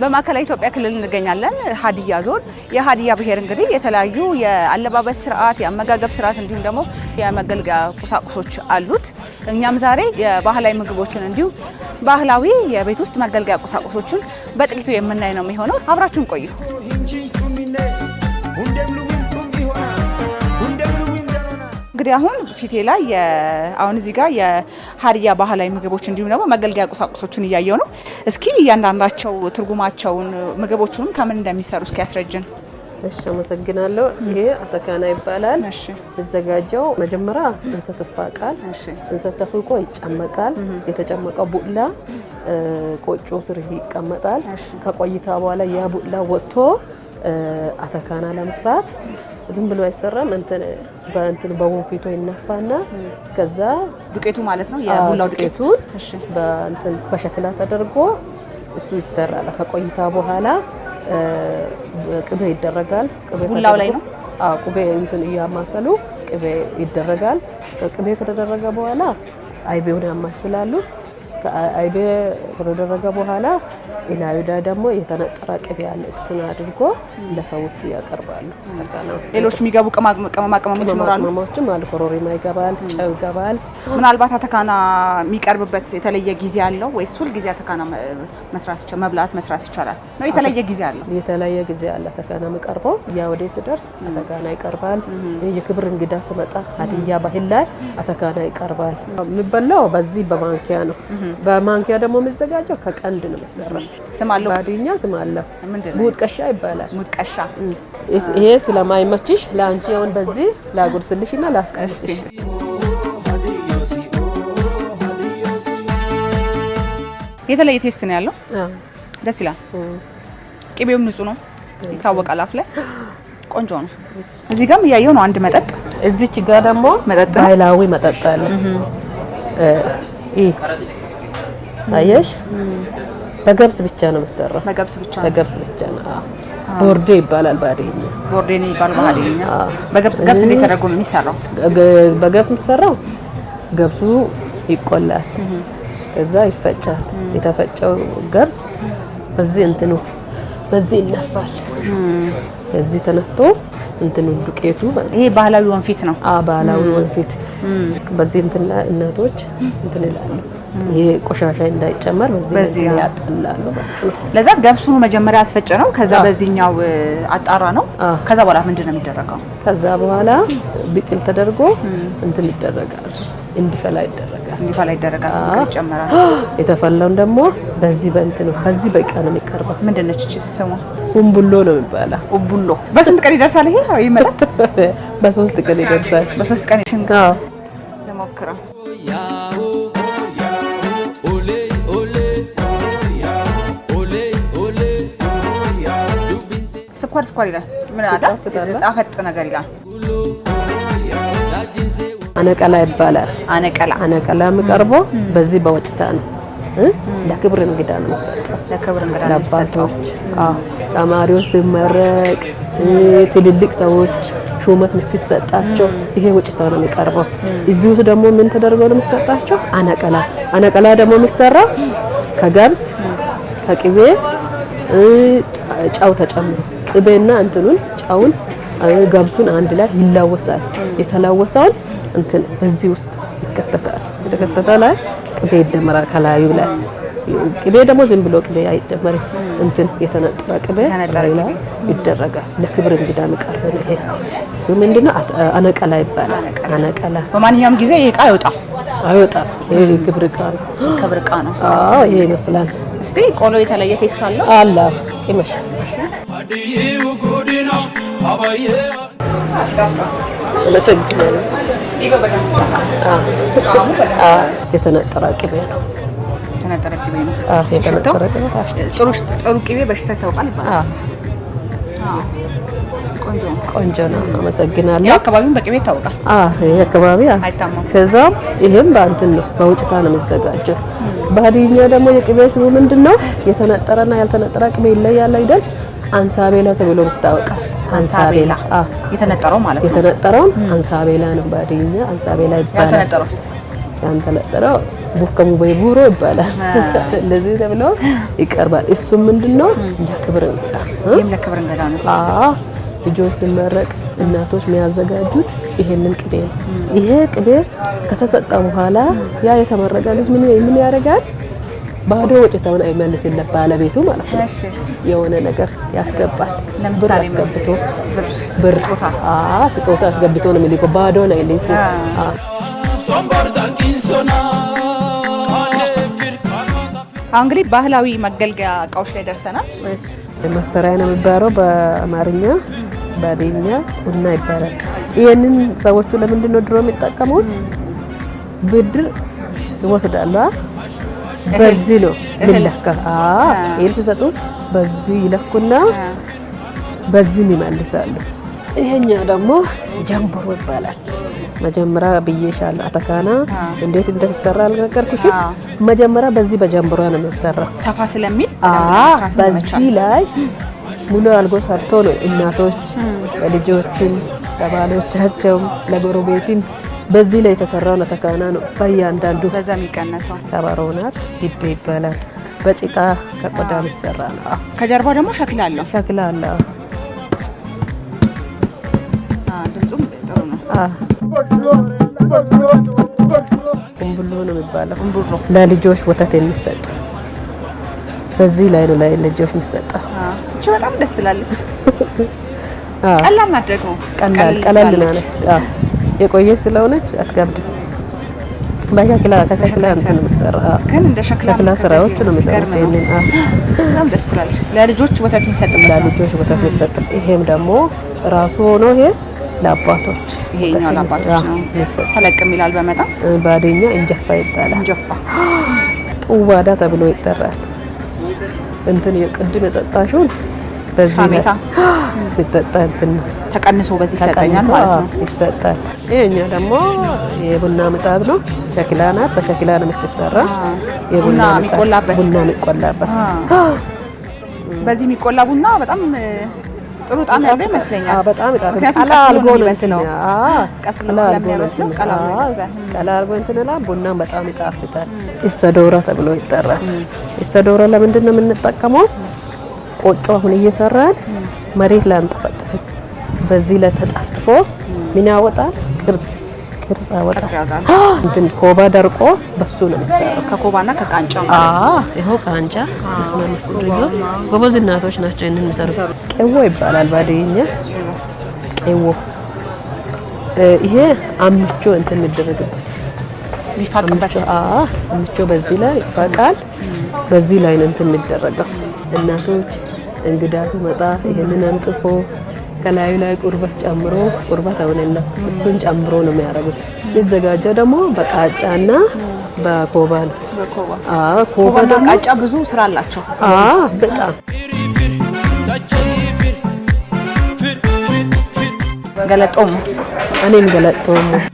በማዕከላዊ ኢትዮጵያ ክልል እንገኛለን። ሀዲያ ዞን የሀዲያ ብሔር እንግዲህ የተለያዩ የአለባበስ ስርዓት፣ የአመጋገብ ስርዓት እንዲሁም ደግሞ የመገልገያ ቁሳቁሶች አሉት። እኛም ዛሬ የባህላዊ ምግቦችን እንዲሁም ባህላዊ የቤት ውስጥ መገልገያ ቁሳቁሶችን በጥቂቱ የምናይ ነው የሚሆነው። አብራችሁን ቆዩ። እንግዲህ አሁን ፊቴ ላይ አሁን እዚህ ጋር የሀዲያ ባህላዊ ምግቦች እንዲሁም ደግሞ መገልገያ ቁሳቁሶችን እያየው ነው። እስኪ እያንዳንዳቸው ትርጉማቸውን ምግቦቹንም ከምን እንደሚሰሩ እስኪ ያስረጅን። እሺ፣ አመሰግናለሁ። ይሄ አተካና ይባላል። የሚዘጋጀው መጀመሪያ እንሰት ይፋቃል። እንሰት ተፍቆ ይጨመቃል። የተጨመቀው ቡላ ቆጮ ስር ይቀመጣል። ከቆይታ በኋላ ያ ቡላ ወጥቶ አተካና ለመስራት ዝም ብሎ አይሰራም። እንትን በእንትን በወንፊቱ ይነፋና ከዛ ዱቄቱ ማለት ነው ዱቄቱ ዱቄቱን በእንትን በሸክላ ተደርጎ እሱ ይሰራል። ከቆይታ በኋላ ቅቤ ይደረጋል። ቅቤ ቡላው ላይ ነው። አዎ ቅቤ እንትን እያማሰሉ ቅቤ ይደረጋል። ቅቤ ከተደረገ በኋላ አይቤውን ያማስላሉ። አይቤ ከተደረገ በኋላ ኢላዩዳ ደግሞ የተነጠረ ቅቤ ያለ እሱን አድርጎ ለሰዎች ያቀርባሉ። ሌሎች የሚገቡ ቅመማ ቅመሞች ይኖራሉ። አሉ ኮሮሪማ ይገባል፣ ጨው ይገባል። ምናልባት አተካና የሚቀርብበት የተለየ ጊዜ አለው ወይስ ሁል ጊዜ አተካና መስራት መብላት መስራት ይቻላል ነው? የተለየ ጊዜ አለው። የተለየ ጊዜ አለ አተካና የምቀርበው ያ ስደርስ አተካና ይቀርባል። የክብር እንግዳ ስመጣ ሀዲያ ባህል ላይ አተካና ይቀርባል። የሚበላው በዚህ በማንኪያ ነው። በማንኪያ ደግሞ የሚዘጋጀው ከቀንድ ነው የሚሰራው ስም አለው ባዲኛ ስም አለው ሙጥቀሻ ይባላል። ሙጥቀሻ ይሄ ስለማይመችሽ ለአንቺ አሁን በዚህ ላጉርስልሽና ላስቀምስልሽ። የተለየ ቴስት ነው ያለው። ደስ ይላል። ቅቤውም ንጹህ ነው ይታወቃል። አፍ ላይ ቆንጆ ነው። እዚህ እያየው ነው አንድ መጠጥ። እዚች ጋር ደግሞ መጠጥ ባህላዊ መጠጥ አለ። አየሽ በገብስ ብቻ ነው የምትሰራው። በገብስ ብቻ ነው። በገብስ ብቻ ነው። ቦርዴ ይባላል በአደኛ። ቦርዴ ነው ይባላል በአደኛ። በገብስ ገብስ እንዴት ተደርጎ ነው የሚሰራው? በገብስ የሚሰራው ገብሱ ይቆላል፣ ከዛ ይፈጫል። የተፈጨው ገብስ በዚህ እንትኑ በዚህ ይነፋል። በዚህ ተነፍቶ እንትኑ ዱቄቱ ይሄ ባህላዊ ወንፊት ነው። አዎ ባህላዊ ወንፊት በዚህ እንትና እናቶች እንትን ይላሉ ይሄ ቆሻሻ እንዳይጨመር በዚህ ያጠላሉ። ለዛ ገብሱን መጀመሪያ ያስፈጨ ነው። ከዛ በዚህኛው አጣራ ነው። ከዛ በኋላ ምንድን ነው የሚደረገው? ከዛ በኋላ ቢጥል ተደርጎ እንትን ይደረጋል፣ እንዲፈላ ይደረጋል። እንዲፈላ ይደረጋል። ይጨመራል። የተፈላውን ደግሞ በዚህ በዚህ ነው የሚቀርበው። ምንድን ነች እቺ ኡምቡሎ ነው የሚባለው። ኡምቡሎ በስንት ቀን ይደርሳል? ይሄ ይመጣል። በሶስት ቀን ይደርሳል። በሶስት ቀን ሽንጋ ስኳር ስኳር ይላል። ምን ጣፈጥ ነገር ይላል። አነቀላ ይባላል። አነቀላ አነቀላ የሚቀርበው በዚህ በወጭታ ነው። ለክብር እንግዳ ነው የሚሰጠው። ለክብር እንግዳ ነው የሚሰጠው። ተማሪዎች ሲመረቅ ትልልቅ ሰዎች ሹመት ሲሰጣቸው ይሄ ወጭታ ነው የሚቀርበው። እዚህ ውስጥ ደግሞ ምን ተደርገው ነው የሚሰጣቸው? አነቀላ አነቀላ ደግሞ የሚሰራው ከገብስ ከቅቤ ጨው ተጨምሮ ቅቤና እንትኑን ጫውን ገብሱን አንድ ላይ ይላወሳል። የተላወሰውን እንትን እዚህ ውስጥ ይከተታል። የተከተተ ላይ ቅቤ ይደመራል። ከላዩ ላይ ቅቤ ደግሞ ዝም ብሎ ቅቤ አይደመር፣ እንትን የተነጠረ ቅቤ ላይ ይደረጋል። ለክብር እንግዳ የሚቀርብ ነው ይሄ። እሱ ምንድነው? አነቀላ ይባላል። አነቀላ በማንኛውም ጊዜ ይቃ አይወጣም አይወጣም። ይሄ ክብር ዕቃ ነው፣ ክብር ዕቃ ነው። አዎ ይሄ ይመስላል። እስቲ ቆሎ የተለየ ቴስት አለው አላ ይመስላል። የተነጠረ ቅቤ ነው። የተነጠረ ቅቤ ነው። ጥሩ ቅቤ በሽታ ይታወቃል ይባላል። ቆንጆ ነው። አመሰግናለሁ። አካባቢውን በቅቤ ይታወቃል። አካባቢ ከዛም ይሄም በእንትን ነው በውጭታ ነው የሚዘጋጀው። ባህዲኛ ደግሞ የቅቤ ስሙ ምንድነው የተነጠረና ያልተነጠረ ቅቤ ይለያል አይደል? አንሳቤላ ተብሎ ይታወቃል። አንሳቤላ የተነጠረው ማለት ነው። የተነጠረውን አንሳቤላ ነው ባህዲኛ አንሳቤላ ይባላል። ያልተነጠረውስ? ያልተነጠረው ቡከሙ ወይ ቡሮ ይባላል። እንደዚህ ተብሎ ይቀርባል። እሱም ምንድን ለክብር እንግዳ ነው። ለክብር እንግዳ ነው። አዎ ልጆች ሲመረቅ እናቶች የሚያዘጋጁት ይሄንን ቅቤ ነው። ይሄ ቅቤ ከተሰጠ በኋላ ያ የተመረቀ ልጅ ምን ምን ያደርጋል? ባዶ ወጭታውን አይመልስለት ባለቤቱ ማለት ነው። የሆነ ነገር ያስገባል፣ ብር አስገብቶ ብር ስጦታ አስገብቶ ነው የሚልከው። ባዶ ነው ይልከው። አሁን እንግዲህ ባህላዊ መገልገያ እቃዎች ላይ ደርሰናል። መስፈሪያ ነው የሚባለው በአማርኛ በአደኛ ቁና ይባላል። ይህንን ሰዎቹ ለምንድን ነው ድሮ የሚጠቀሙት? ብድር ይወስዳሉ። በዚህ ነው የሚለካ። ይህን ሲሰጡ በዚህ ይለኩና በዚህም ይመልሳሉ። ይሄኛ ደግሞ ጀምበሮ ይባላል። መጀመሪያ ብዬሻል አተካና እንዴት እንደሚሰራ አልነገርኩሽ። መጀመሪያ በዚህ በጀምበሮ ነው የምትሰራው፣ ሰፋ ስለሚል በዚህ ላይ ሙሉ አልጎ ሰርቶ ነው እናቶች ለልጆችን ለባሎቻቸውም ለጎረቤትም በዚህ ላይ የተሰራው አተካና ነው። በእያንዳንዱ በዛ የሚቀነሰው ከበሮ ናት። ዲቤ ይባላል። በጭቃ ከቆዳ የሚሰራ ነው። ከጀርባ ደግሞ ሸክላ አለው። ሸክላ አለው ቁምብሎ ነው የሚባለው። ቁምብሎ ለልጆች ወተት የሚሰጥ በዚህ ላይ ነው ለልጆች የሚሰጥ። እቺ በጣም ደስ ትላለች። ቀላል ማድረግ ነው። ቀላል ቀላል ናነች። የቆየ ስለሆነች አትገብድም። በሸክላ ከሸክላ እንትን የሚሰራ ግን እንደ ሸክላ ስራዎች ነው የሚሰሩት። ይሄንን በጣም ደስ ትላለች። ለልጆች ወተት የሚሰጥ ለልጆች ወተት የሚሰጥ ይሄም ደግሞ ራሱ ሆኖ ይሄ ለአባቶች ይሄኛው ለአባቶች ነው። ተለቅ የሚላል በመጣም በአደኛ እንጀፋ ይባላል። እንጀፋ ጡዋዳ ተብሎ ይጠራል። እንትን የቅድም የጠጣሽውን በዚህ ቤታ ይጠጣ እንትን ተቀንሶ በዚህ ይሰጠኛል ማለት ነው ይሰጣል። ይሄኛ ደግሞ የቡና ምጣድ ነው። ሸክላ ናት። በሸክላ ነው የምትሰራ። የቡና ምጣድ ቡና የሚቆላበት በዚህ የሚቆላ ቡና በጣም ጥሩ ጣም ያለው ይመስለኛል። በጣም ጣም ቀላል አልጎ ነው የሚመስለው። ቀላ አልጎ ነው ቀላ አልጎ እንትንላ ቡናም በጣም ይጣፍጣል። ኢሰዶራ ተብሎ ይጠራል። ኢሰዶራ ለምንድን ነው የምንጠቀመው? ቆጮ አሁን እየሰራን መሬት ላይ አንጠፈጥፍም። በዚህ ላይ ተጣፍጥፎ ምን ያወጣል ቅርጽ ቅርጽ ያወጣል። ኮባ ደርቆ በሱ ነው የሚሰራው። ከኮባና ከቃንጫ ይኸው ቃንጫ መስመር ይዞ ጎበዝ እናቶች ናቸው የሚሰሩ። ቄዎ ይባላል ባድኛ ቄዎ። ይሄ አምቾ እንትን የሚደረግበት አምቾ በዚህ ላይ ይፋቃል። በዚህ ላይ ነው እንትን የሚደረገው። እናቶች እንግዳ ሲመጣ ይሄንን አንጥፎ ከላዩ ላይ ቁርበት ጨምሮ ቁርበት አሁንና እሱን ጨምሮ ነው የሚያደርጉት። የሚዘጋጀው ደግሞ በቃጫና በኮባ ነው። ኮባ ቃጫ ብዙ ስራ አላቸው በጣም ገለጦም እኔም ገለጦም።